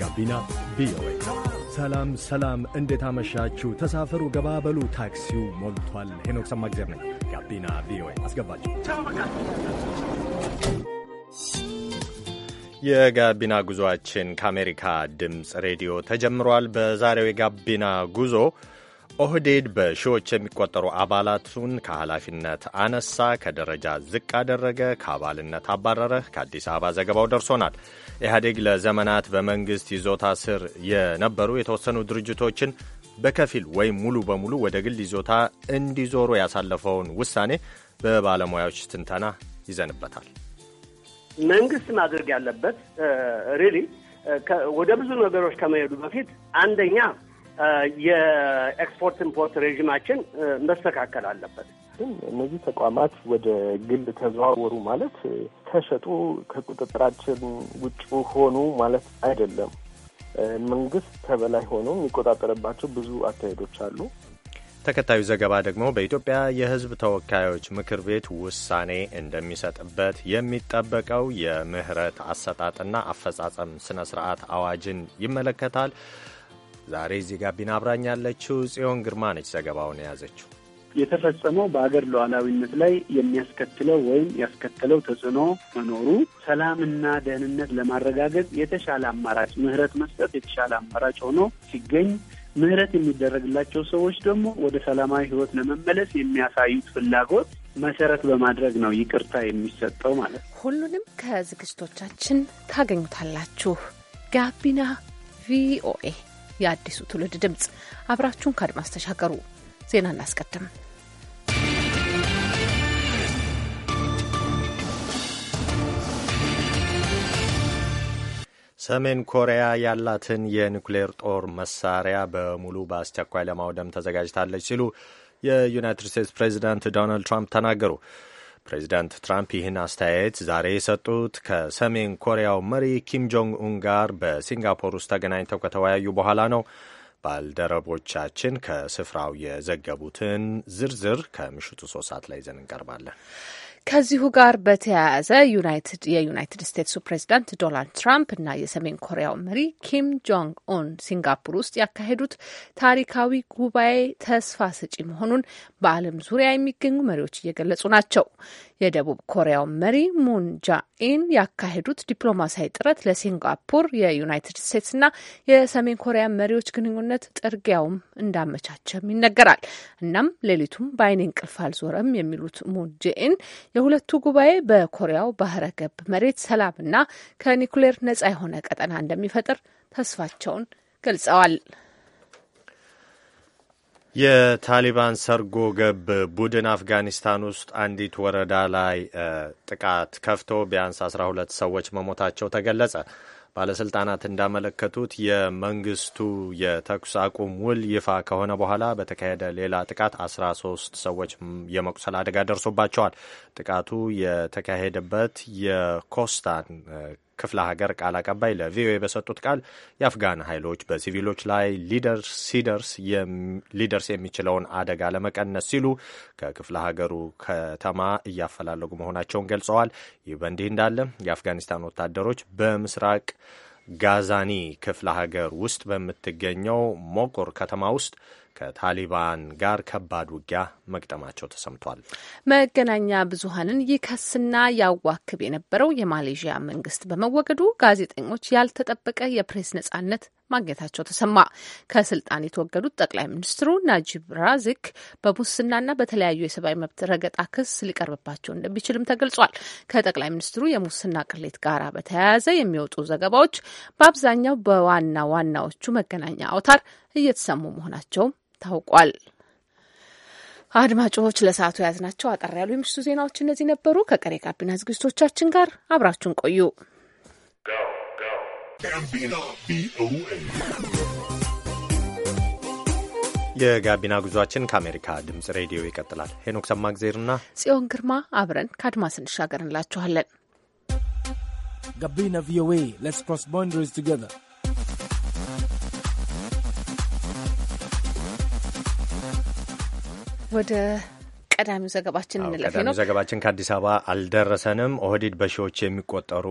ጋቢና ቪኦኤ። ሰላም ሰላም፣ እንዴት አመሻችሁ? ተሳፈሩ፣ ገባበሉ፣ ታክሲው ሞልቷል። ሄኖክ ሰማግዜር ነኝ። ጋቢና ቪኦኤ አስገባችሁ። የጋቢና ጉዞአችን ከአሜሪካ ድምፅ ሬዲዮ ተጀምሯል። በዛሬው የጋቢና ጉዞ ኦህዴድ በሺዎች የሚቆጠሩ አባላቱን ከኃላፊነት አነሳ፣ ከደረጃ ዝቅ አደረገ፣ ከአባልነት አባረረ። ከአዲስ አበባ ዘገባው ደርሶናል። ኢህአዴግ ለዘመናት በመንግሥት ይዞታ ስር የነበሩ የተወሰኑ ድርጅቶችን በከፊል ወይም ሙሉ በሙሉ ወደ ግል ይዞታ እንዲዞሩ ያሳለፈውን ውሳኔ በባለሙያዎች ትንተና ይዘንበታል። መንግስት ማድረግ ያለበት ሪሊ ወደ ብዙ ነገሮች ከመሄዱ በፊት አንደኛ የኤክስፖርት ኢምፖርት ሬዥማችን መስተካከል አለበት። ግን እነዚህ ተቋማት ወደ ግል ተዘዋወሩ ማለት ተሸጡ፣ ከቁጥጥራችን ውጭ ሆኑ ማለት አይደለም። መንግስት ከበላይ ሆኖ የሚቆጣጠርባቸው ብዙ አካሄዶች አሉ። ተከታዩ ዘገባ ደግሞ በኢትዮጵያ የሕዝብ ተወካዮች ምክር ቤት ውሳኔ እንደሚሰጥበት የሚጠበቀው የምህረት አሰጣጥና አፈጻጸም ስነ ስርዓት አዋጅን ይመለከታል። ዛሬ እዚህ ጋቢና አብራኝ ያለችው ጽዮን ግርማ ነች ዘገባውን የያዘችው። የተፈጸመው በሀገር ሉዓላዊነት ላይ የሚያስከትለው ወይም ያስከተለው ተጽዕኖ መኖሩ ሰላምና ደህንነት ለማረጋገጥ የተሻለ አማራጭ ምህረት መስጠት የተሻለ አማራጭ ሆኖ ሲገኝ ምህረት የሚደረግላቸው ሰዎች ደግሞ ወደ ሰላማዊ ህይወት ለመመለስ የሚያሳዩት ፍላጎት መሰረት በማድረግ ነው ይቅርታ የሚሰጠው ማለት ነው። ሁሉንም ከዝግጅቶቻችን ታገኙታላችሁ። ጋቢና ቪኦኤ የአዲሱ ትውልድ ድምፅ። አብራችሁን ከአድማስ ተሻገሩ። ዜና እናስቀድም። ሰሜን ኮሪያ ያላትን የኒውክሌር ጦር መሳሪያ በሙሉ በአስቸኳይ ለማውደም ተዘጋጅታለች ሲሉ የዩናይትድ ስቴትስ ፕሬዚዳንት ዶናልድ ትራምፕ ተናገሩ። ፕሬዚዳንት ትራምፕ ይህን አስተያየት ዛሬ የሰጡት ከሰሜን ኮሪያው መሪ ኪም ጆንግ ኡን ጋር በሲንጋፖር ውስጥ ተገናኝተው ከተወያዩ በኋላ ነው። ባልደረቦቻችን ከስፍራው የዘገቡትን ዝርዝር ከምሽቱ ሶስት ሰዓት ላይ ይዘን እንቀርባለን። ከዚሁ ጋር በተያያዘ ዩናይትድ የዩናይትድ ስቴትሱ ፕሬዚዳንት ዶናልድ ትራምፕ እና የሰሜን ኮሪያው መሪ ኪም ጆንግ ኡን ሲንጋፖር ውስጥ ያካሄዱት ታሪካዊ ጉባኤ ተስፋ ሰጪ መሆኑን በዓለም ዙሪያ የሚገኙ መሪዎች እየገለጹ ናቸው። የደቡብ ኮሪያው መሪ ሙን ጃኢን ያካሄዱት ዲፕሎማሲያዊ ጥረት ለሲንጋፖር የዩናይትድ ስቴትስና የሰሜን ኮሪያ መሪዎች ግንኙነት ጥርጊያውም እንዳመቻቸም ይነገራል። እናም ሌሊቱም በአይኔ እንቅልፍ አልዞረም የሚሉት ሙን ጄኢን የሁለቱ ጉባኤ በኮሪያው ባህረ ገብ መሬት ሰላምና ከኒኩሌር ነጻ የሆነ ቀጠና እንደሚፈጥር ተስፋቸውን ገልጸዋል። የታሊባን ሰርጎ ገብ ቡድን አፍጋኒስታን ውስጥ አንዲት ወረዳ ላይ ጥቃት ከፍቶ ቢያንስ 12 ሰዎች መሞታቸው ተገለጸ። ባለስልጣናት እንዳመለከቱት የመንግስቱ የተኩስ አቁም ውል ይፋ ከሆነ በኋላ በተካሄደ ሌላ ጥቃት 13 ሰዎች የመቁሰል አደጋ ደርሶባቸዋል። ጥቃቱ የተካሄደበት የኮስታን ክፍለ ሀገር ቃል አቀባይ ለቪኦኤ በሰጡት ቃል የአፍጋን ኃይሎች በሲቪሎች ላይ ሊደርስ የሚችለውን አደጋ ለመቀነስ ሲሉ ከክፍለ ሀገሩ ከተማ እያፈላለጉ መሆናቸውን ገልጸዋል። ይህ በእንዲህ እንዳለ የአፍጋኒስታን ወታደሮች በምስራቅ ጋዛኒ ክፍለ ሀገር ውስጥ በምትገኘው ሞቁር ከተማ ውስጥ ከታሊባን ጋር ከባድ ውጊያ መግጠማቸው ተሰምቷል። መገናኛ ብዙሀንን ይከስና ያዋክብ የነበረው የማሌዥያ መንግስት በመወገዱ ጋዜጠኞች ያልተጠበቀ የፕሬስ ነጻነት ማግኘታቸው ተሰማ። ከስልጣን የተወገዱት ጠቅላይ ሚኒስትሩ ናጂብ ራዚክ በሙስናና በተለያዩ የሰብአዊ መብት ረገጣ ክስ ሊቀርብባቸው እንደሚችልም ተገልጿል። ከጠቅላይ ሚኒስትሩ የሙስና ቅሌት ጋር በተያያዘ የሚወጡ ዘገባዎች በአብዛኛው በዋና ዋናዎቹ መገናኛ አውታር እየተሰሙ መሆናቸውም ታውቋል። አድማጮች ለሰዓቱ የያዝናቸው አጠር ያሉ የምሽቱ ዜናዎች እነዚህ ነበሩ። ከቀሬ ጋቢና ዝግጅቶቻችን ጋር አብራችሁን ቆዩ። የጋቢና ጉዟችን ከአሜሪካ ድምጽ ሬዲዮ ይቀጥላል። ሄኖክ ሰማግዜርና ጽዮን ግርማ አብረን ከአድማስ እንሻገር እንላችኋለን። ጋቢና ቪኦኤ ሌትስ ክሮስ ባውንደሪስ ቱጌዘር ወደ ቀዳሚው ዘገባችን እንለፍ ነው። ዘገባችን ከአዲስ አበባ አልደረሰንም። ኦህዴድ በሺዎች የሚቆጠሩ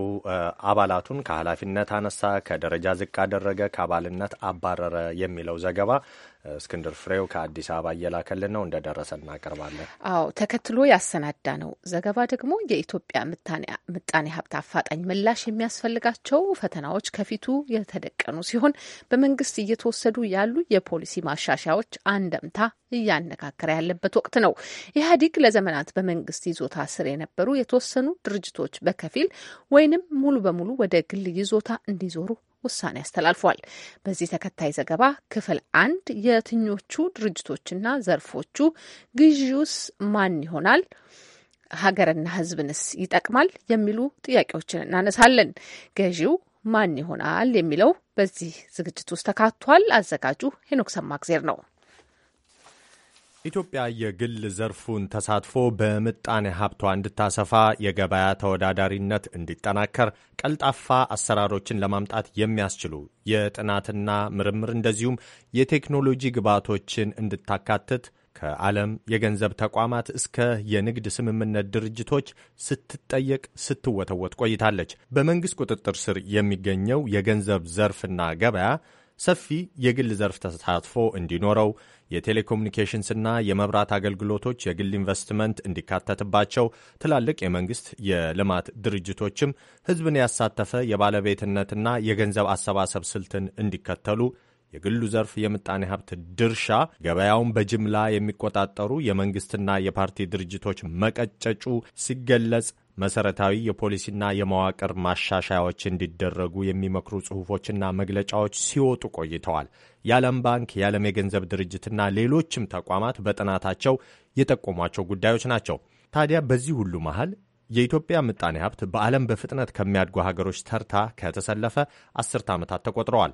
አባላቱን ከኃላፊነት አነሳ፣ ከደረጃ ዝቅ አደረገ፣ ከአባልነት አባረረ የሚለው ዘገባ እስክንድር ፍሬው ከአዲስ አበባ እየላከልን ነው፣ እንደደረሰ እናቀርባለን። አዎ ተከትሎ ያሰናዳ ነው ዘገባ ደግሞ የኢትዮጵያ ምጣኔ ሀብት አፋጣኝ ምላሽ የሚያስፈልጋቸው ፈተናዎች ከፊቱ የተደቀኑ ሲሆን በመንግስት እየተወሰዱ ያሉ የፖሊሲ ማሻሻያዎች አንደምታ እያነጋገረ ያለበት ወቅት ነው። ኢህአዲግ ለዘመናት በመንግስት ይዞታ ስር የነበሩ የተወሰኑ ድርጅቶች በከፊል ወይንም ሙሉ በሙሉ ወደ ግል ይዞታ እንዲዞሩ ውሳኔ አስተላልፏል። በዚህ ተከታይ ዘገባ ክፍል አንድ የትኞቹ ድርጅቶችና ዘርፎቹ ግዢውስ ማን ይሆናል ሀገርና ሕዝብንስ ይጠቅማል የሚሉ ጥያቄዎችን እናነሳለን። ገዢው ማን ይሆናል የሚለው በዚህ ዝግጅት ውስጥ ተካቷል። አዘጋጁ ሄኖክ ሰማግዜር ነው። ኢትዮጵያ የግል ዘርፉን ተሳትፎ በምጣኔ ሀብቷ እንድታሰፋ የገበያ ተወዳዳሪነት እንዲጠናከር ቀልጣፋ አሰራሮችን ለማምጣት የሚያስችሉ የጥናትና ምርምር እንደዚሁም የቴክኖሎጂ ግብዓቶችን እንድታካትት ከዓለም የገንዘብ ተቋማት እስከ የንግድ ስምምነት ድርጅቶች ስትጠየቅ ስትወተወት ቆይታለች። በመንግሥት ቁጥጥር ስር የሚገኘው የገንዘብ ዘርፍና ገበያ ሰፊ የግል ዘርፍ ተሳትፎ እንዲኖረው፣ የቴሌኮሙኒኬሽንስና የመብራት አገልግሎቶች የግል ኢንቨስትመንት እንዲካተትባቸው፣ ትላልቅ የመንግስት የልማት ድርጅቶችም ህዝብን ያሳተፈ የባለቤትነትና የገንዘብ አሰባሰብ ስልትን እንዲከተሉ የግሉ ዘርፍ የምጣኔ ሀብት ድርሻ ገበያውን በጅምላ የሚቆጣጠሩ የመንግስትና የፓርቲ ድርጅቶች መቀጨጩ ሲገለጽ መሰረታዊ የፖሊሲና የመዋቅር ማሻሻያዎች እንዲደረጉ የሚመክሩ ጽሑፎችና መግለጫዎች ሲወጡ ቆይተዋል። የዓለም ባንክ፣ የዓለም የገንዘብ ድርጅትና ሌሎችም ተቋማት በጥናታቸው የጠቆሟቸው ጉዳዮች ናቸው። ታዲያ በዚህ ሁሉ መሃል የኢትዮጵያ ምጣኔ ሀብት በዓለም በፍጥነት ከሚያድጉ ሀገሮች ተርታ ከተሰለፈ አስርተ ዓመታት ተቆጥረዋል።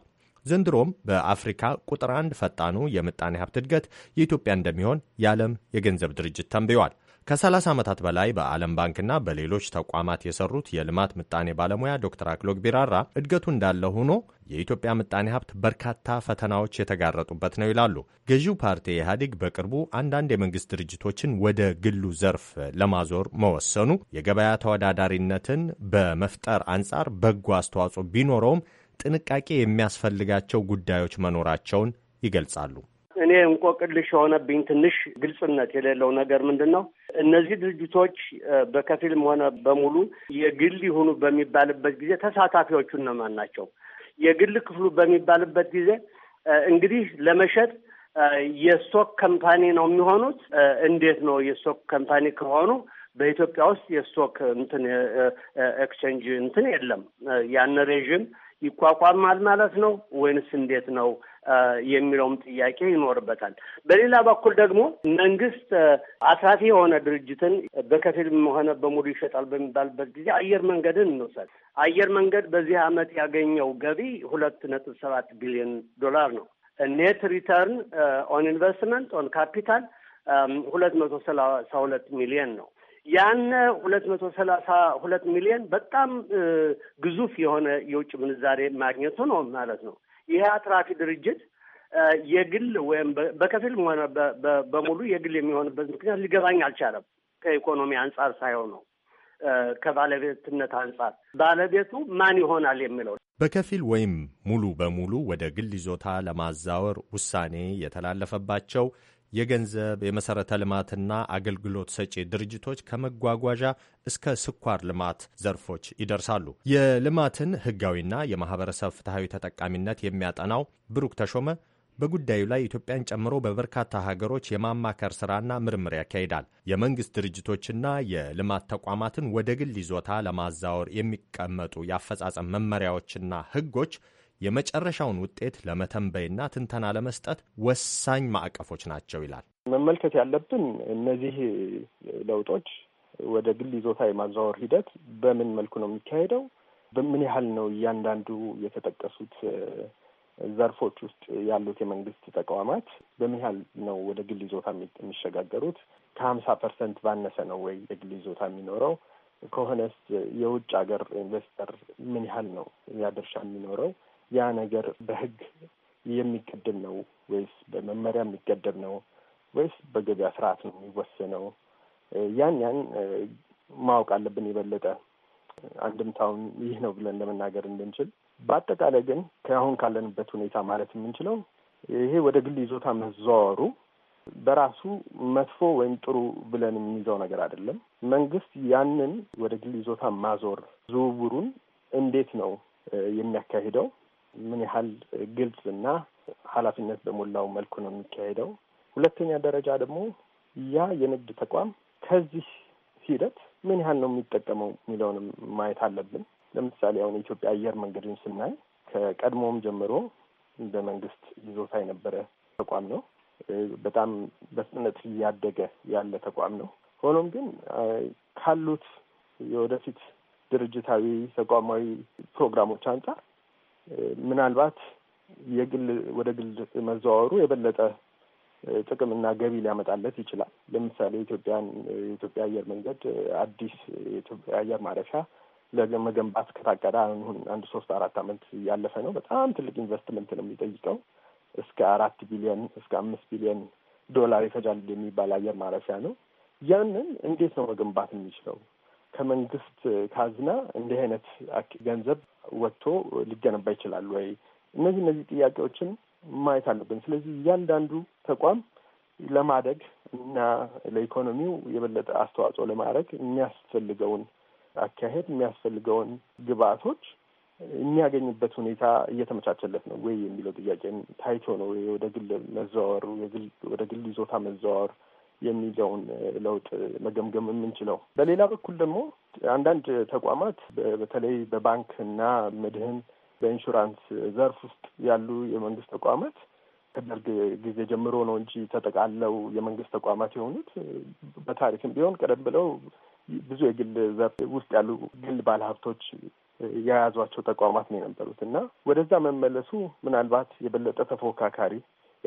ዘንድሮም በአፍሪካ ቁጥር አንድ ፈጣኑ የምጣኔ ሀብት እድገት የኢትዮጵያ እንደሚሆን የዓለም የገንዘብ ድርጅት ተንብየዋል። ከ30 ዓመታት በላይ በዓለም ባንክና በሌሎች ተቋማት የሰሩት የልማት ምጣኔ ባለሙያ ዶክተር አክሎግ ቢራራ እድገቱ እንዳለ ሆኖ የኢትዮጵያ ምጣኔ ሀብት በርካታ ፈተናዎች የተጋረጡበት ነው ይላሉ። ገዢው ፓርቲ ኢህአዴግ በቅርቡ አንዳንድ የመንግስት ድርጅቶችን ወደ ግሉ ዘርፍ ለማዞር መወሰኑ የገበያ ተወዳዳሪነትን በመፍጠር አንጻር በጎ አስተዋጽኦ ቢኖረውም ጥንቃቄ የሚያስፈልጋቸው ጉዳዮች መኖራቸውን ይገልጻሉ። እኔ እንቆቅልሽ የሆነብኝ ትንሽ ግልጽነት የሌለው ነገር ምንድን ነው እነዚህ ድርጅቶች በከፊልም ሆነ በሙሉ የግል ይሁኑ በሚባልበት ጊዜ ተሳታፊዎቹ እነማን ናቸው? የግል ክፍሉ በሚባልበት ጊዜ እንግዲህ ለመሸጥ የስቶክ ከምፓኒ ነው የሚሆኑት። እንዴት ነው የስቶክ ከምፓኒ ከሆኑ በኢትዮጵያ ውስጥ የስቶክ እንትን ኤክስቼንጅ እንትን የለም። ያን ሬዥም ይቋቋማል ማለት ነው ወይንስ እንዴት ነው? የሚለውም ጥያቄ ይኖርበታል። በሌላ በኩል ደግሞ መንግስት አትራፊ የሆነ ድርጅትን በከፊልም ሆነ በሙሉ ይሸጣል በሚባልበት ጊዜ አየር መንገድን እንውሰድ። አየር መንገድ በዚህ ዓመት ያገኘው ገቢ ሁለት ነጥብ ሰባት ቢሊዮን ዶላር ነው። ኔት ሪተርን ኦን ኢንቨስትመንት ኦን ካፒታል ሁለት መቶ ሰላሳ ሁለት ሚሊዮን ነው። ያነ ሁለት መቶ ሰላሳ ሁለት ሚሊዮን በጣም ግዙፍ የሆነ የውጭ ምንዛሬ ማግኘቱ ነው ማለት ነው። ይህ አትራፊ ድርጅት የግል ወይም በከፊል ሆነ በሙሉ የግል የሚሆንበት ምክንያት ሊገባኝ አልቻለም። ከኢኮኖሚ አንጻር ሳይሆን ነው፣ ከባለቤትነት አንጻር ባለቤቱ ማን ይሆናል የሚለው በከፊል ወይም ሙሉ በሙሉ ወደ ግል ይዞታ ለማዛወር ውሳኔ የተላለፈባቸው የገንዘብ የመሠረተ ልማትና አገልግሎት ሰጪ ድርጅቶች ከመጓጓዣ እስከ ስኳር ልማት ዘርፎች ይደርሳሉ። የልማትን ሕጋዊና የማኅበረሰብ ፍትሐዊ ተጠቃሚነት የሚያጠናው ብሩክ ተሾመ በጉዳዩ ላይ ኢትዮጵያን ጨምሮ በበርካታ ሀገሮች የማማከር ስራና ምርምር ያካሂዳል። የመንግስት ድርጅቶችና የልማት ተቋማትን ወደ ግል ይዞታ ለማዛወር የሚቀመጡ የአፈጻጸም መመሪያዎችና ህጎች። የመጨረሻውን ውጤት ለመተንበይና ትንተና ለመስጠት ወሳኝ ማዕቀፎች ናቸው ይላል። መመልከት ያለብን እነዚህ ለውጦች ወደ ግል ይዞታ የማዘዋወር ሂደት በምን መልኩ ነው የሚካሄደው? በምን ያህል ነው እያንዳንዱ የተጠቀሱት ዘርፎች ውስጥ ያሉት የመንግስት ተቋማት በምን ያህል ነው ወደ ግል ይዞታ የሚሸጋገሩት? ከሀምሳ ፐርሰንት ባነሰ ነው ወይ የግል ይዞታ የሚኖረው? ከሆነስ የውጭ ሀገር ኢንቨስተር ምን ያህል ነው ያ ድርሻ የሚኖረው? ያ ነገር በህግ የሚገደብ ነው ወይስ በመመሪያ የሚገደብ ነው ወይስ በገበያ ስርዓት ነው የሚወሰነው? ያን ያን ማወቅ አለብን። የበለጠ አንድምታውን ይህ ነው ብለን ለመናገር እንድንችል። በአጠቃላይ ግን ከአሁን ካለንበት ሁኔታ ማለት የምንችለው ይሄ ወደ ግል ይዞታ መዘዋወሩ በራሱ መጥፎ ወይም ጥሩ ብለን የሚይዘው ነገር አይደለም። መንግስት ያንን ወደ ግል ይዞታ ማዞር ዝውውሩን እንዴት ነው የሚያካሂደው? ምን ያህል ግልጽ እና ኃላፊነት በሞላው መልኩ ነው የሚካሄደው። ሁለተኛ ደረጃ ደግሞ ያ የንግድ ተቋም ከዚህ ሂደት ምን ያህል ነው የሚጠቀመው የሚለውንም ማየት አለብን። ለምሳሌ አሁን የኢትዮጵያ አየር መንገድን ስናይ ከቀድሞም ጀምሮ በመንግስት ይዞታ የነበረ ተቋም ነው። በጣም በፍጥነት እያደገ ያለ ተቋም ነው። ሆኖም ግን ካሉት የወደፊት ድርጅታዊ ተቋማዊ ፕሮግራሞች አንጻር ምናልባት የግል ወደ ግል መዘዋወሩ የበለጠ ጥቅምና ገቢ ሊያመጣለት ይችላል። ለምሳሌ ኢትዮጵያን የኢትዮጵያ አየር መንገድ አዲስ የኢትዮጵያ አየር ማረፊያ ለመገንባት ከታቀደ አሁን አንድ ሶስት አራት ዓመት ያለፈ ነው። በጣም ትልቅ ኢንቨስትመንት ነው የሚጠይቀው። እስከ አራት ቢሊዮን እስከ አምስት ቢሊዮን ዶላር ይፈጃል የሚባል አየር ማረፊያ ነው። ያንን እንዴት ነው መገንባት የሚችለው? ከመንግስት ካዝና እንዲህ አይነት ገንዘብ ወጥቶ ሊገነባ ይችላል ወይ? እነዚህ እነዚህ ጥያቄዎችን ማየት አለብን። ስለዚህ እያንዳንዱ ተቋም ለማደግ እና ለኢኮኖሚው የበለጠ አስተዋጽኦ ለማድረግ የሚያስፈልገውን አካሄድ የሚያስፈልገውን ግብአቶች የሚያገኝበት ሁኔታ እየተመቻቸለት ነው ወይ የሚለው ጥያቄ ታይቶ ነው ወደ ግል መዘዋወሩ ወደ ግል ይዞታ መዘዋወር የሚለውን ለውጥ መገምገም የምንችለው። በሌላ በኩል ደግሞ አንዳንድ ተቋማት በተለይ በባንክ እና መድህን በኢንሹራንስ ዘርፍ ውስጥ ያሉ የመንግስት ተቋማት ከደርግ ጊዜ ጀምሮ ነው እንጂ ተጠቃለው የመንግስት ተቋማት የሆኑት በታሪክም ቢሆን ቀደም ብለው ብዙ የግል ዘርፍ ውስጥ ያሉ ግል ባለሀብቶች የያዟቸው ተቋማት ነው የነበሩት እና ወደዛ መመለሱ ምናልባት የበለጠ ተፎካካሪ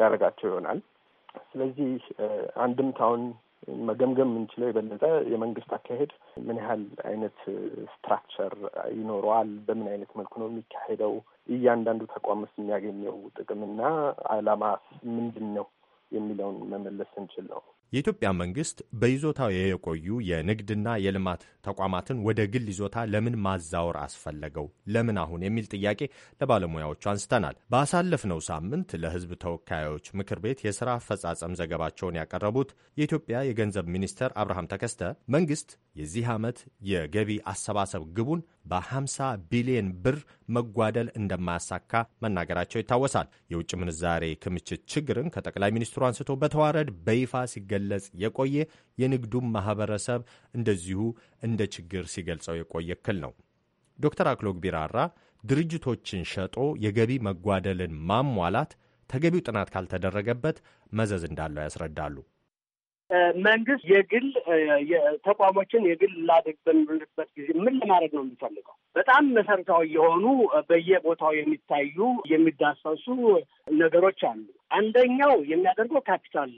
ያደርጋቸው ይሆናል። ስለዚህ አንድምታውን መገምገም የምንችለው የበለጠ የመንግስት አካሄድ ምን ያህል አይነት ስትራክቸር ይኖረዋል፣ በምን አይነት መልኩ ነው የሚካሄደው፣ እያንዳንዱ ተቋም ውስጥ የሚያገኘው ጥቅምና አላማ ምንድን ነው የሚለውን መመለስ እንችል ነው። የኢትዮጵያ መንግስት በይዞታው የቆዩ የንግድና የልማት ተቋማትን ወደ ግል ይዞታ ለምን ማዛወር አስፈለገው? ለምን አሁን የሚል ጥያቄ ለባለሙያዎቹ አንስተናል። ባሳለፍነው ሳምንት ለሕዝብ ተወካዮች ምክር ቤት የሥራ አፈጻጸም ዘገባቸውን ያቀረቡት የኢትዮጵያ የገንዘብ ሚኒስትር አብርሃም ተከስተ መንግስት የዚህ ዓመት የገቢ አሰባሰብ ግቡን በ50 ቢሊዮን ብር መጓደል እንደማያሳካ መናገራቸው ይታወሳል። የውጭ ምንዛሬ ክምችት ችግርን ከጠቅላይ ሚኒስትሩ አንስቶ በተዋረድ በይፋ ሲገለጽ የቆየ የንግዱም ማህበረሰብ እንደዚሁ እንደ ችግር ሲገልጸው የቆየ እክል ነው። ዶክተር አክሎግ ቢራራ ድርጅቶችን ሸጦ የገቢ መጓደልን ማሟላት ተገቢው ጥናት ካልተደረገበት መዘዝ እንዳለው ያስረዳሉ። መንግስት የግል ተቋሞችን የግል ላድርግ በምንልበት ጊዜ ምን ለማድረግ ነው የሚፈልገው? በጣም መሰረታዊ የሆኑ በየቦታው የሚታዩ የሚዳሰሱ ነገሮች አሉ። አንደኛው የሚያደርገው ካፒታል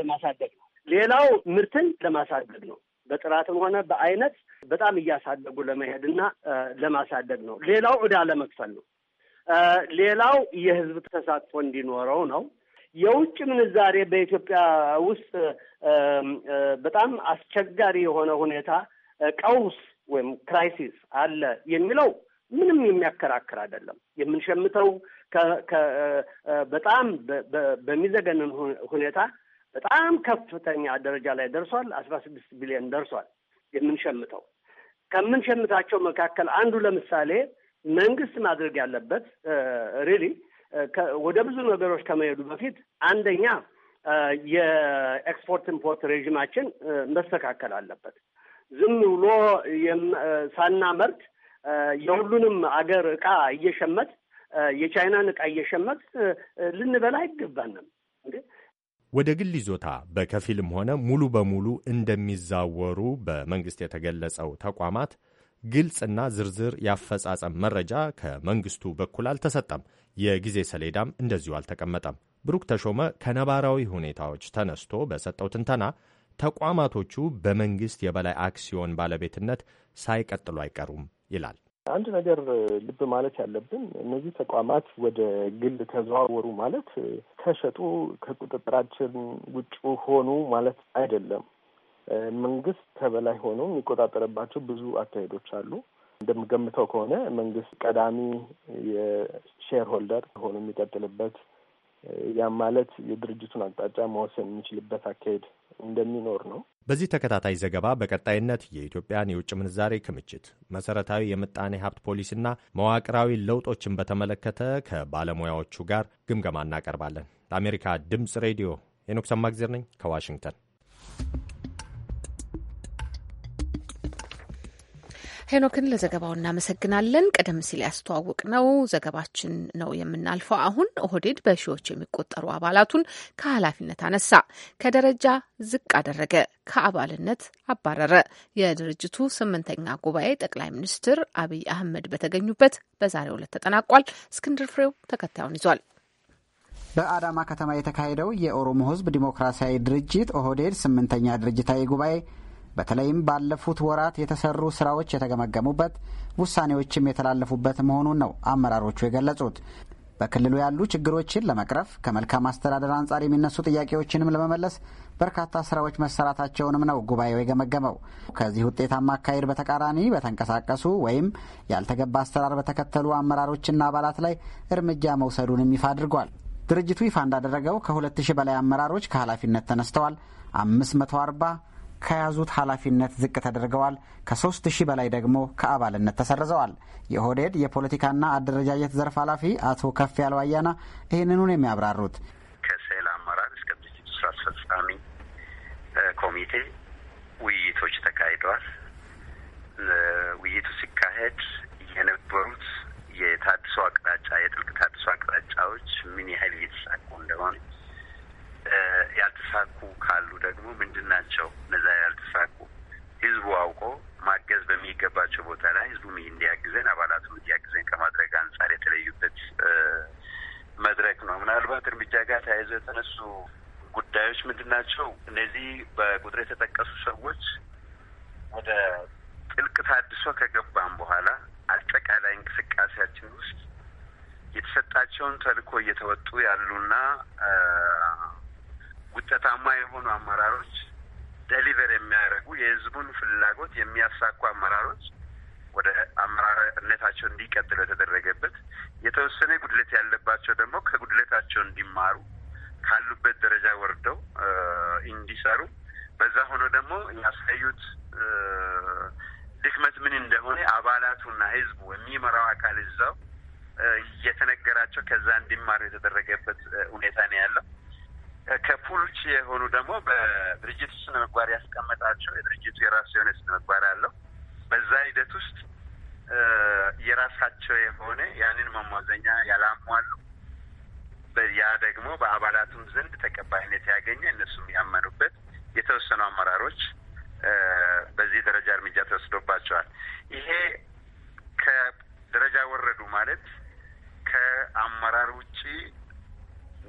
ለማሳደግ ነው። ሌላው ምርትን ለማሳደግ ነው። በጥራትም ሆነ በአይነት በጣም እያሳደጉ ለመሄድ እና ለማሳደግ ነው። ሌላው ዕዳ ለመክፈል ነው። ሌላው የህዝብ ተሳትፎ እንዲኖረው ነው። የውጭ ምንዛሬ በኢትዮጵያ ውስጥ በጣም አስቸጋሪ የሆነ ሁኔታ ቀውስ ወይም ክራይሲስ አለ የሚለው ምንም የሚያከራክር አይደለም። የምንሸምተው በጣም በሚዘገንን ሁኔታ በጣም ከፍተኛ ደረጃ ላይ ደርሷል። አስራ ስድስት ቢሊዮን ደርሷል የምንሸምተው። ከምንሸምታቸው መካከል አንዱ ለምሳሌ መንግስት ማድረግ ያለበት ሪሊ ወደ ብዙ ነገሮች ከመሄዱ በፊት አንደኛ የኤክስፖርት ኢምፖርት ሬዥማችን መስተካከል አለበት። ዝም ብሎ ሳናመርት የሁሉንም አገር እቃ እየሸመት የቻይናን እቃ እየሸመት ልንበላ አይገባንም። ወደ ግል ይዞታ በከፊልም ሆነ ሙሉ በሙሉ እንደሚዛወሩ በመንግስት የተገለጸው ተቋማት ግልጽና ዝርዝር ያፈጻጸም መረጃ ከመንግስቱ በኩል አልተሰጠም። የጊዜ ሰሌዳም እንደዚሁ አልተቀመጠም። ብሩክ ተሾመ ከነባራዊ ሁኔታዎች ተነስቶ በሰጠው ትንተና ተቋማቶቹ በመንግስት የበላይ አክሲዮን ባለቤትነት ሳይቀጥሉ አይቀሩም ይላል። አንድ ነገር ልብ ማለት ያለብን እነዚህ ተቋማት ወደ ግል ተዘዋወሩ ማለት ተሸጡ፣ ከቁጥጥራችን ውጭ ሆኑ ማለት አይደለም። መንግስት ከበላይ ሆኖ የሚቆጣጠርባቸው ብዙ አካሄዶች አሉ። እንደምገምተው ከሆነ መንግስት ቀዳሚ ሼር ሆልደር ሆኖ የሚቀጥልበት ያም ማለት የድርጅቱን አቅጣጫ መወሰን የሚችልበት አካሄድ እንደሚኖር ነው። በዚህ ተከታታይ ዘገባ በቀጣይነት የኢትዮጵያን የውጭ ምንዛሬ ክምችት፣ መሰረታዊ የምጣኔ ሀብት ፖሊሲና መዋቅራዊ ለውጦችን በተመለከተ ከባለሙያዎቹ ጋር ግምገማ እናቀርባለን። ለአሜሪካ ድምፅ ሬዲዮ ሄኖክ ሰማግዜር ነኝ ከዋሽንግተን። ሄኖክን ለዘገባው እናመሰግናለን። ቀደም ሲል ያስተዋውቅ ነው ዘገባችን ነው የምናልፈው። አሁን ኦህዴድ በሺዎች የሚቆጠሩ አባላቱን ከኃላፊነት አነሳ፣ ከደረጃ ዝቅ አደረገ፣ ከአባልነት አባረረ። የድርጅቱ ስምንተኛ ጉባኤ ጠቅላይ ሚኒስትር አብይ አህመድ በተገኙበት በዛሬው ዕለት ተጠናቋል። እስክንድር ፍሬው ተከታዩን ይዟል። በአዳማ ከተማ የተካሄደው የኦሮሞ ሕዝብ ዲሞክራሲያዊ ድርጅት ኦህዴድ ስምንተኛ ድርጅታዊ ጉባኤ በተለይም ባለፉት ወራት የተሰሩ ስራዎች የተገመገሙበት ውሳኔዎችም የተላለፉበት መሆኑን ነው አመራሮቹ የገለጹት። በክልሉ ያሉ ችግሮችን ለመቅረፍ ከመልካም አስተዳደር አንጻር የሚነሱ ጥያቄዎችንም ለመመለስ በርካታ ስራዎች መሰራታቸውንም ነው ጉባኤው የገመገመው። ከዚህ ውጤታማ አካሄድ በተቃራኒ በተንቀሳቀሱ ወይም ያልተገባ አሰራር በተከተሉ አመራሮችና አባላት ላይ እርምጃ መውሰዱንም ይፋ አድርጓል። ድርጅቱ ይፋ እንዳደረገው ከ 2000 በላይ አመራሮች ከኃላፊነት ተነስተዋል። 540 ከያዙት ኃላፊነት ዝቅ ተደርገዋል። ከሶስት ሺህ በላይ ደግሞ ከአባልነት ተሰርዘዋል። የኦህዴድ የፖለቲካና አደረጃጀት ዘርፍ ኃላፊ አቶ ከፍ ያለው አያና ይህንኑን የሚያብራሩት ከሴል አመራር እስከ ድርጅቱ ስራ አስፈጻሚ ኮሚቴ ውይይቶች ተካሂደዋል። ውይይቱ ሲካሄድ የነበሩት የታድሶ አቅጣጫ የጥልቅ ታድሶ አቅጣጫዎች ምን ያህል እየተሳኩ እንደሆነ ያልተሳኩ ካሉ ደግሞ ናቸው። እነዚህ በቁጥር የተጠቀሱ ሰዎች ወደ ጥልቅ ታድሶ ከገባም በኋላ አጠቃላይ እንቅስቃሴያችን ውስጥ የተሰጣቸውን ተልኮ እየተወጡ ያሉና ውጤታማ የሆኑ አመራሮች ደሊቨር የሚያደርጉ የህዝቡን ፍላጎት የሚያሳ ሺህ የሆኑ ደግሞ በድርጅቱ ስነ ምግባር ያስቀመጣቸው የድርጅቱ የራሱ የሆነ ስነ ምግባር አለው። በዛ ሂደት ውስጥ የራሳቸው የሆነ ያንን መሟዘኛ ያላሟሉ፣ ያ ደግሞ በአባላቱም ዘንድ ተቀባይነት ያገኘ እነሱም ያመኑበት የተወሰኑ አመራሮች በዚህ ደረጃ እርምጃ ተወስዶባቸዋል። ይሄ ከደረጃ ወረዱ ማለት ከአመራር ውጪ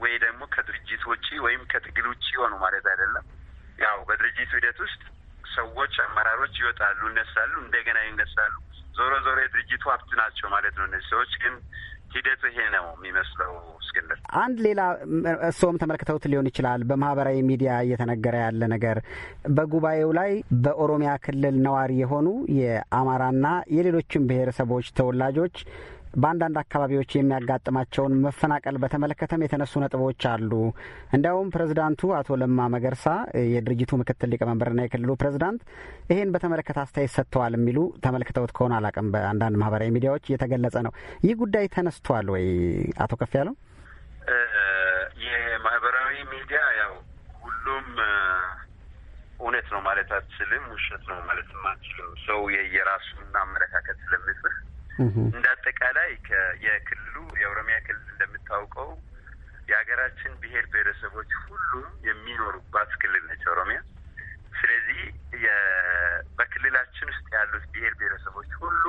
ወይ ደግሞ ከድርጅት ውጪ ወይም ከትግል ውጪ ሆኑ ማለት አይደለም። ያው በድርጅት ሂደት ውስጥ ሰዎች፣ አመራሮች ይወጣሉ፣ ይነሳሉ፣ እንደገና ይነሳሉ። ዞሮ ዞሮ የድርጅቱ ሀብት ናቸው ማለት ነው። እነዚህ ሰዎች ግን ሂደቱ ይሄ ነው የሚመስለው። እስክንድር፣ አንድ ሌላ እሶም ተመልክተውት ሊሆን ይችላል። በማህበራዊ ሚዲያ እየተነገረ ያለ ነገር በጉባኤው ላይ በኦሮሚያ ክልል ነዋሪ የሆኑ የአማራና የሌሎችም ብሔረሰቦች ተወላጆች በአንዳንድ አካባቢዎች የሚያጋጥማቸውን መፈናቀል በተመለከተም የተነሱ ነጥቦች አሉ። እንዲያውም ፕሬዚዳንቱ አቶ ለማ መገርሳ የድርጅቱ ምክትል ሊቀመንበርና የክልሉ ፕሬዝዳንት ይህን በተመለከተ አስተያየት ሰጥተዋል የሚሉ ተመልክተውት ከሆነ አላቅም በአንዳንድ ማህበራዊ ሚዲያዎች እየተገለጸ ነው። ይህ ጉዳይ ተነስቷል ወይ አቶ ከፍ ያለው? የማህበራዊ ሚዲያ ያው ሁሉም እውነት ነው ማለት አትችልም፣ ውሸት ነው ማለት አትችልም። ሰው የየራሱን አመለካከት ስለሚጽፍ እንደ አጠቃላይ የክልሉ የኦሮሚያ ክልል እንደምታውቀው የሀገራችን ብሄር ብሔረሰቦች ሁሉም የሚኖሩባት ክልል ነች ኦሮሚያ። ስለዚህ በክልላችን ውስጥ ያሉት ብሄር ብሔረሰቦች ሁሉ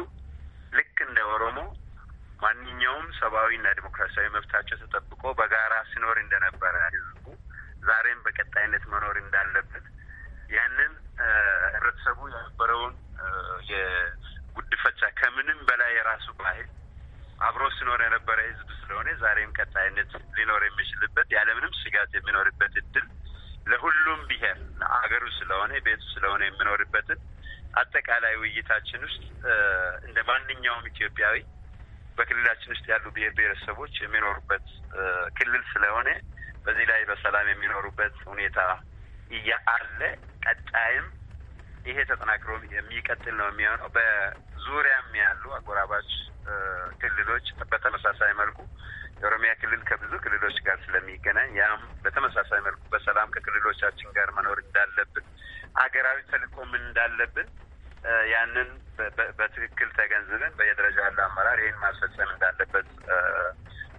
ልክ እንደ ኦሮሞ ማንኛውም ሰብአዊና ዲሞክራሲያዊ መብታቸው ተጠብቆ በጋራ ሲኖር እንደነበረ ህዝቡ ዛሬም በቀጣይነት መኖር እንዳለበት ያንን ህብረተሰቡ የነበረውን ሲኖር የነበረ ህዝብ ስለሆነ ዛሬም ቀጣይነት ሊኖር የሚችልበት ያለምንም ስጋት የሚኖርበት እድል ለሁሉም ብሄር አገሩ ስለሆነ ቤቱ ስለሆነ የሚኖርበትን አጠቃላይ ውይይታችን ውስጥ እንደ ማንኛውም ኢትዮጵያዊ በክልላችን ውስጥ ያሉ ብሄር ብሔረሰቦች የሚኖሩበት ክልል ስለሆነ በዚህ ላይ በሰላም የሚኖሩበት ሁኔታ እያአለ ቀጣይም ይሄ ተጠናክሮ የሚቀጥል ነው የሚሆነው። በዙሪያም ያሉ አጎራባች ክልሎች በተመሳሳይ መልኩ የኦሮሚያ ክልል ከብዙ ክልሎች ጋር ስለሚገናኝ ያም በተመሳሳይ መልኩ በሰላም ከክልሎቻችን ጋር መኖር እንዳለብን ሀገራዊ ተልዕኮ እንዳለብን ያንን በትክክል ተገንዝበን በየደረጃ ያለ አመራር ይህን ማስፈጸም እንዳለበት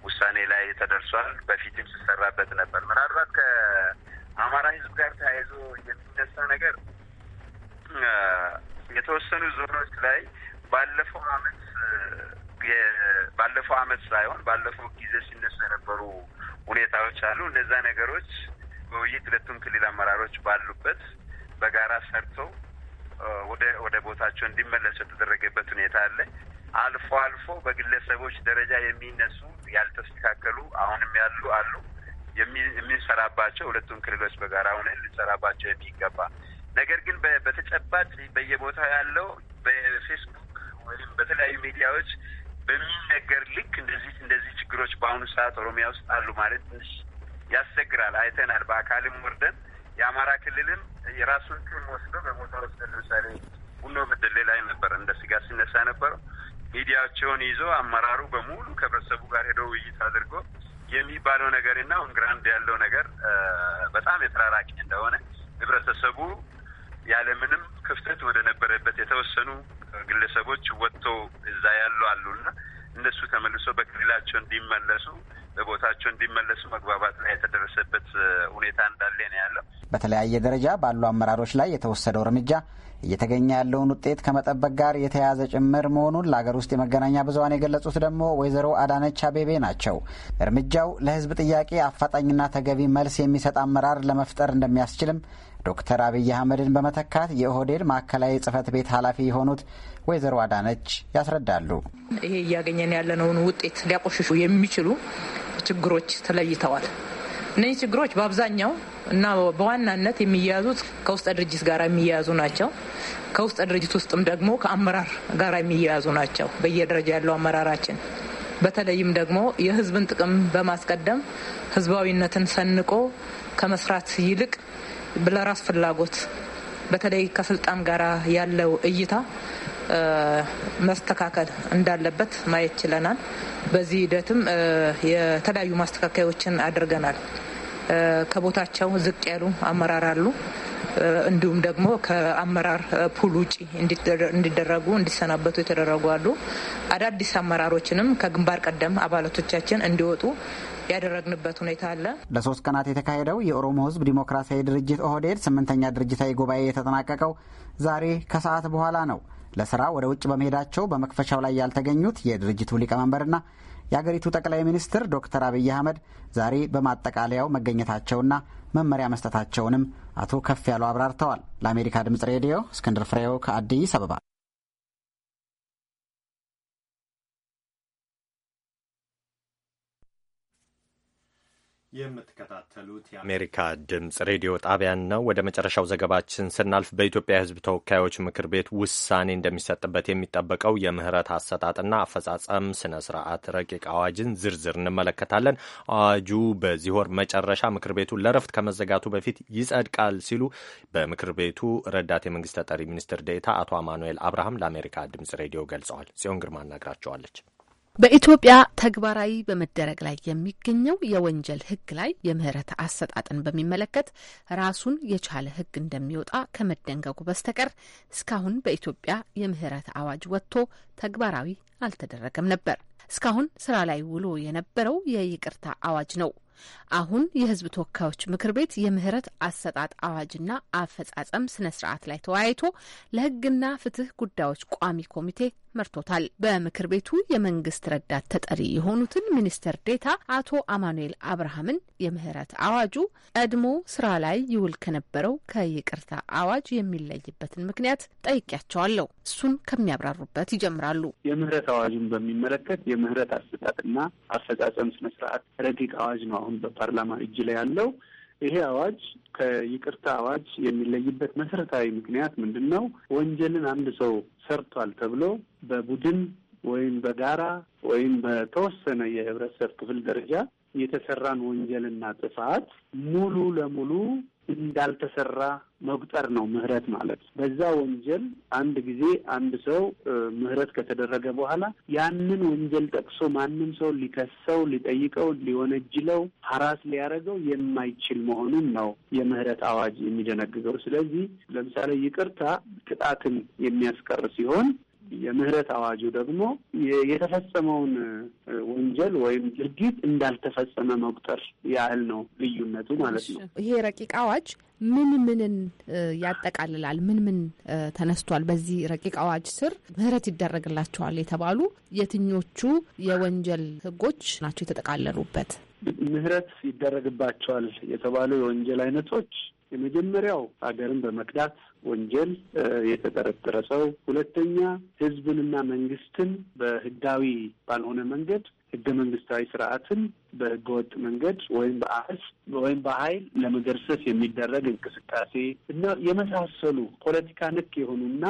ውሳኔ ላይ ተደርሷል። በፊትም ሲሰራበት ነበር። ምናልባት ከአማራ ሕዝብ ጋር ተያይዞ የሚነሳ ነገር የተወሰኑ ዞኖች ላይ ባለፈው አመት ባለፈው አመት ሳይሆን ባለፈው ጊዜ ሲነሱ የነበሩ ሁኔታዎች አሉ። እነዛ ነገሮች በውይይት ሁለቱም ክልል አመራሮች ባሉበት በጋራ ሰርተው ወደ ወደ ቦታቸው እንዲመለሱ የተደረገበት ሁኔታ አለ። አልፎ አልፎ በግለሰቦች ደረጃ የሚነሱ ያልተስተካከሉ አሁንም ያሉ አሉ። የሚሰራባቸው ሁለቱም ክልሎች በጋራ ሆነን ልንሰራባቸው የሚገባ ነገር ግን በተጨባጭ በየቦታው ያለው በፌስቡክ ወይም በተለያዩ ሚዲያዎች በሚነገር ልክ እንደዚህ እንደዚህ ችግሮች በአሁኑ ሰዓት ኦሮሚያ ውስጥ አሉ ማለት ትንሽ ያስቸግራል። አይተናል። በአካልም ወርደን የአማራ ክልልም የራሱን ክም ወስዶ በቦታ ውስጥ ለምሳሌ ቡኖ ምድል ላይ ነበር እንደ ስጋት ሲነሳ ነበረው። ሚዲያቸውን ይዞ አመራሩ በሙሉ ከህብረተሰቡ ጋር ሄዶ ውይይት አድርጎ የሚባለው ነገርና አሁን ግራንድ ያለው ነገር በጣም የተራራቂ እንደሆነ ህብረተሰቡ ያለምንም ክፍተት ወደ ነበረበት የተወሰኑ ግለሰቦች ወጥተው እዛ ያሉ አሉና እነሱ ተመልሶ በክልላቸው እንዲመለሱ በቦታቸው እንዲመለሱ መግባባት ላይ የተደረሰበት ሁኔታ እንዳለ ነው ያለው። በተለያየ ደረጃ ባሉ አመራሮች ላይ የተወሰደው እርምጃ እየተገኘ ያለውን ውጤት ከመጠበቅ ጋር የተያያዘ ጭምር መሆኑን ለሀገር ውስጥ የመገናኛ ብዙኃን የገለጹት ደግሞ ወይዘሮ አዳነች አቤቤ ናቸው። እርምጃው ለሕዝብ ጥያቄ አፋጣኝና ተገቢ መልስ የሚሰጥ አመራር ለመፍጠር እንደሚያስችልም ዶክተር አብይ አህመድን በመተካት የኦህዴድ ማዕከላዊ ጽህፈት ቤት ኃላፊ የሆኑት ወይዘሮ አዳነች ያስረዳሉ። ይሄ እያገኘን ያለነውን ውጤት ሊያቆሽሹ የሚችሉ ችግሮች ተለይተዋል። እነዚህ ችግሮች በአብዛኛው እና በዋናነት የሚያያዙት ከውስጠ ድርጅት ጋር የሚያያዙ ናቸው። ከውስጠ ድርጅት ውስጥም ደግሞ ከአመራር ጋር የሚያያዙ ናቸው። በየደረጃ ያለው አመራራችን በተለይም ደግሞ የሕዝብን ጥቅም በማስቀደም ሕዝባዊነትን ሰንቆ ከመስራት ይልቅ ለራስ ፍላጎት በተለይ ከስልጣን ጋር ያለው እይታ መስተካከል እንዳለበት ማየት ችለናል። በዚህ ሂደትም የተለያዩ ማስተካከያዎችን አድርገናል። ከቦታቸው ዝቅ ያሉ አመራር አሉ። እንዲሁም ደግሞ ከአመራር ፑል ውጪ እንዲደረጉ እንዲሰናበቱ የተደረጉ አሉ። አዳዲስ አመራሮችንም ከግንባር ቀደም አባላቶቻችን እንዲወጡ ያደረግንበት ሁኔታ አለ። ለሶስት ቀናት የተካሄደው የኦሮሞ ሕዝብ ዲሞክራሲያዊ ድርጅት ኦህዴድ ስምንተኛ ድርጅታዊ ጉባኤ የተጠናቀቀው ዛሬ ከሰዓት በኋላ ነው። ለስራ ወደ ውጭ በመሄዳቸው በመክፈቻው ላይ ያልተገኙት የድርጅቱ ሊቀመንበርና የአገሪቱ ጠቅላይ ሚኒስትር ዶክተር አብይ አህመድ ዛሬ በማጠቃለያው መገኘታቸውና መመሪያ መስጠታቸውንም አቶ ከፍ ያሉ አብራርተዋል። ለአሜሪካ ድምጽ ሬዲዮ እስክንድር ፍሬው ከአዲስ አበባ የምትከታተሉት የአሜሪካ ድምፅ ሬዲዮ ጣቢያን ነው። ወደ መጨረሻው ዘገባችን ስናልፍ በኢትዮጵያ የሕዝብ ተወካዮች ምክር ቤት ውሳኔ እንደሚሰጥበት የሚጠበቀው የምህረት አሰጣጥና አፈጻጸም ስነ ስርዓት ረቂቅ አዋጅን ዝርዝር እንመለከታለን። አዋጁ በዚህ ወር መጨረሻ ምክር ቤቱ ለረፍት ከመዘጋቱ በፊት ይጸድቃል ሲሉ በምክር ቤቱ ረዳት የመንግስት ተጠሪ ሚኒስትር ዴታ አቶ አማኑኤል አብርሃም ለአሜሪካ ድምፅ ሬዲዮ ገልጸዋል። ጽዮን ግርማ አናግራቸዋለች። በኢትዮጵያ ተግባራዊ በመደረግ ላይ የሚገኘው የወንጀል ሕግ ላይ የምህረት አሰጣጥን በሚመለከት ራሱን የቻለ ሕግ እንደሚወጣ ከመደንገጉ በስተቀር እስካሁን በኢትዮጵያ የምህረት አዋጅ ወጥቶ ተግባራዊ አልተደረገም ነበር። እስካሁን ስራ ላይ ውሎ የነበረው የይቅርታ አዋጅ ነው። አሁን የህዝብ ተወካዮች ምክር ቤት የምህረት አሰጣጥ አዋጅና አፈጻጸም ስነ ስርዓት ላይ ተወያይቶ ለህግና ፍትህ ጉዳዮች ቋሚ ኮሚቴ መርቶታል። በምክር ቤቱ የመንግስት ረዳት ተጠሪ የሆኑትን ሚኒስትር ዴታ አቶ አማኑኤል አብርሃምን የምህረት አዋጁ ቀድሞ ስራ ላይ ይውል ከነበረው ከይቅርታ አዋጅ የሚለይበትን ምክንያት ጠይቄያቸዋለሁ። እሱን ከሚያብራሩበት ይጀምራሉ። የምህረት አዋጁን በሚመለከት የምህረት አሰጣጥና አፈጻጸም ስነስርዓት ረቂቅ አዋጅ ነው አሁን በፓርላማ እጅ ላይ ያለው ይሄ አዋጅ ከይቅርታ አዋጅ የሚለይበት መሰረታዊ ምክንያት ምንድን ነው? ወንጀልን አንድ ሰው ሰርቷል ተብሎ በቡድን ወይም በጋራ ወይም በተወሰነ የህብረተሰብ ክፍል ደረጃ የተሰራን ወንጀልና ጥፋት ሙሉ ለሙሉ እንዳልተሰራ መቁጠር ነው ምህረት ማለት። በዛ ወንጀል አንድ ጊዜ አንድ ሰው ምህረት ከተደረገ በኋላ ያንን ወንጀል ጠቅሶ ማንም ሰው ሊከሰው፣ ሊጠይቀው፣ ሊወነጅለው፣ ሀራስ ሊያደርገው የማይችል መሆኑን ነው የምህረት አዋጅ የሚደነግገው። ስለዚህ ለምሳሌ ይቅርታ ቅጣትን የሚያስቀር ሲሆን የምህረት አዋጁ ደግሞ የተፈጸመውን ወንጀል ወይም ድርጊት እንዳልተፈጸመ መቁጠር ያህል ነው ልዩነቱ ማለት ነው። ይሄ ረቂቅ አዋጅ ምን ምንን ያጠቃልላል? ምን ምን ተነስቷል? በዚህ ረቂቅ አዋጅ ስር ምህረት ይደረግላቸዋል የተባሉ የትኞቹ የወንጀል ህጎች ናቸው የተጠቃለሉበት? ምህረት ይደረግባቸዋል የተባሉ የወንጀል አይነቶች የመጀመሪያው ሀገርን በመክዳት ወንጀል የተጠረጠረ ሰው፣ ሁለተኛ ህዝብንና መንግስትን በህጋዊ ባልሆነ መንገድ ህገ መንግስታዊ ስርዓትን በህገወጥ መንገድ ወይም በአስ ወይም በኃይል ለመገርሰስ የሚደረግ እንቅስቃሴ እና የመሳሰሉ ፖለቲካ ነክ የሆኑና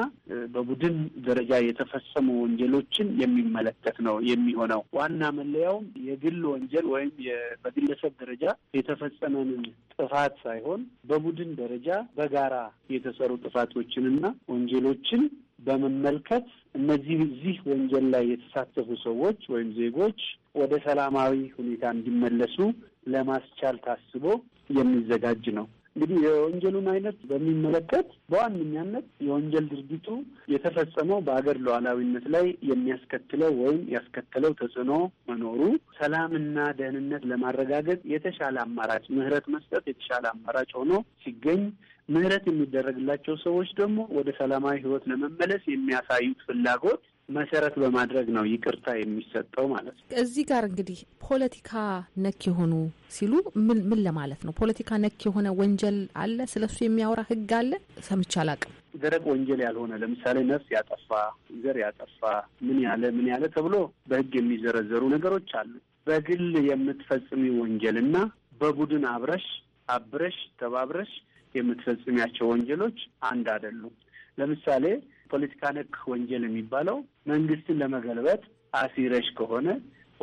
በቡድን ደረጃ የተፈጸሙ ወንጀሎችን የሚመለከት ነው የሚሆነው። ዋና መለያውም የግል ወንጀል ወይም በግለሰብ ደረጃ የተፈጸመንን ጥፋት ሳይሆን በቡድን ደረጃ በጋራ የተሰሩ ጥፋቶችንና ወንጀሎችን በመመልከት እነዚህ እዚህ ወንጀል ላይ የተሳተፉ ሰዎች ወይም ዜጎች ወደ ሰላማዊ ሁኔታ እንዲመለሱ ለማስቻል ታስቦ የሚዘጋጅ ነው። እንግዲህ የወንጀሉን አይነት በሚመለከት በዋነኛነት የወንጀል ድርጊቱ የተፈጸመው በሀገር ሉዓላዊነት ላይ የሚያስከትለው ወይም ያስከተለው ተጽዕኖ መኖሩ፣ ሰላምና ደህንነት ለማረጋገጥ የተሻለ አማራጭ ምህረት መስጠት የተሻለ አማራጭ ሆኖ ሲገኝ ምህረት የሚደረግላቸው ሰዎች ደግሞ ወደ ሰላማዊ ህይወት ለመመለስ የሚያሳዩት ፍላጎት መሰረት በማድረግ ነው ይቅርታ የሚሰጠው ማለት ነው። እዚህ ጋር እንግዲህ ፖለቲካ ነክ የሆኑ ሲሉ ምን ምን ለማለት ነው? ፖለቲካ ነክ የሆነ ወንጀል አለ? ስለሱ የሚያወራ ህግ አለ? ሰምቼ አላቅም። ደረቅ ወንጀል ያልሆነ ለምሳሌ ነፍስ ያጠፋ፣ ዘር ያጠፋ፣ ምን ያለ ምን ያለ ተብሎ በህግ የሚዘረዘሩ ነገሮች አሉ። በግል የምትፈጽሚ ወንጀል እና በቡድን አብረሽ አብረሽ ተባብረሽ የምትፈጽሚያቸው ወንጀሎች አንድ አይደሉም። ለምሳሌ ፖለቲካ ነክ ወንጀል የሚባለው መንግስትን ለመገልበጥ አሲረሽ ከሆነ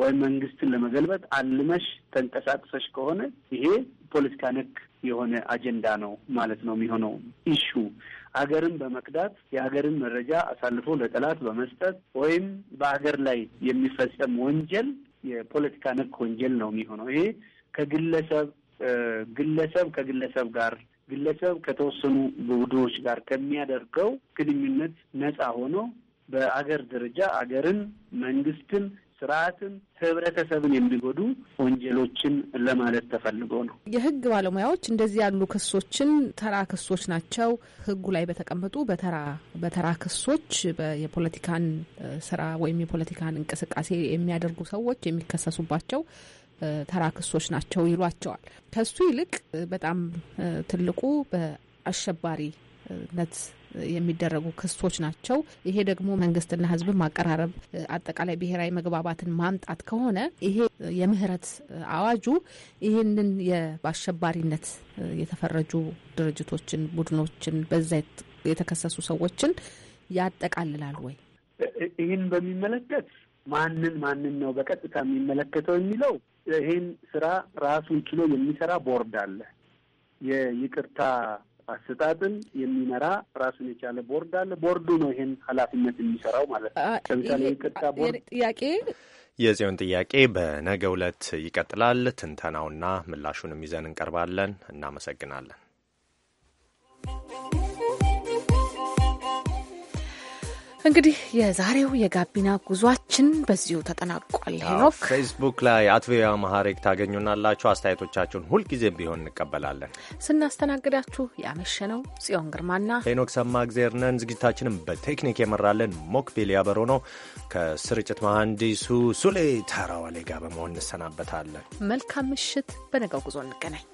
ወይም መንግስትን ለመገልበጥ አልመሽ ተንቀሳቅሰሽ ከሆነ ይሄ ፖለቲካ ነክ የሆነ አጀንዳ ነው ማለት ነው የሚሆነው። ኢሹ ሀገርን በመቅዳት የሀገርን መረጃ አሳልፎ ለጠላት በመስጠት ወይም በሀገር ላይ የሚፈጸም ወንጀል የፖለቲካ ነክ ወንጀል ነው የሚሆነው። ይሄ ከግለሰብ ግለሰብ ከግለሰብ ጋር ግለሰብ ከተወሰኑ ቡድኖች ጋር ከሚያደርገው ግንኙነት ነፃ ሆኖ በአገር ደረጃ አገርን፣ መንግስትን፣ ስርዓትን፣ ህብረተሰብን የሚጎዱ ወንጀሎችን ለማለት ተፈልጎ ነው። የህግ ባለሙያዎች እንደዚህ ያሉ ክሶችን ተራ ክሶች ናቸው፣ ህጉ ላይ በተቀመጡ በተራ በተራ ክሶች የፖለቲካን ስራ ወይም የፖለቲካን እንቅስቃሴ የሚያደርጉ ሰዎች የሚከሰሱባቸው ተራ ክሶች ናቸው ይሏቸዋል። ከሱ ይልቅ በጣም ትልቁ በአሸባሪነት የሚደረጉ ክሶች ናቸው። ይሄ ደግሞ መንግስትና ህዝብን ማቀራረብ አጠቃላይ ብሔራዊ መግባባትን ማምጣት ከሆነ ይሄ የምህረት አዋጁ ይህንን በአሸባሪነት የተፈረጁ ድርጅቶችን፣ ቡድኖችን በዛ የተከሰሱ ሰዎችን ያጠቃልላል ወይ? ይህን በሚመለከት ማንን ማንን ነው በቀጥታ የሚመለከተው የሚለው ይህን ስራ ራሱን ችሎ የሚሰራ ቦርድ አለ። የይቅርታ አሰጣጥን የሚመራ ራሱን የቻለ ቦርድ አለ። ቦርዱ ነው ይህን ኃላፊነት የሚሰራው ማለት ነው። ለምሳሌ ይቅርታ ቦርድ ጥያቄ የጽዮን ጥያቄ በነገ ዕለት ይቀጥላል። ትንተናውና ምላሹንም ይዘን እንቀርባለን። እናመሰግናለን። እንግዲህ የዛሬው የጋቢና ጉዟችን በዚሁ ተጠናቋል። ሄኖክ ፌስቡክ ላይ አትቪ ቪኦኤ ታገኙናላችሁ። አስተያየቶቻችሁን ሁልጊዜም ቢሆን እንቀበላለን። ስናስተናግዳችሁ ያመሸነው ጽዮን ግርማና ሄኖክ ሰማ ነን። ዝግጅታችንም በቴክኒክ የመራለን ሞክቢል ያበሮ ነው። ከስርጭት መሐንዲሱ ሱሌ ተራዋሌ ጋር በመሆን እንሰናበታለን። መልካም ምሽት። በነገው ጉዞ እንገናኝ።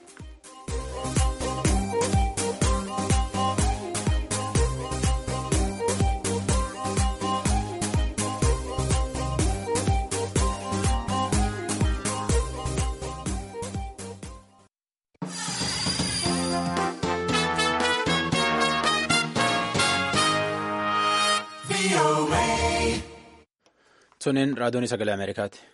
Sunniin raadiyoon sagalee Ameerikaati.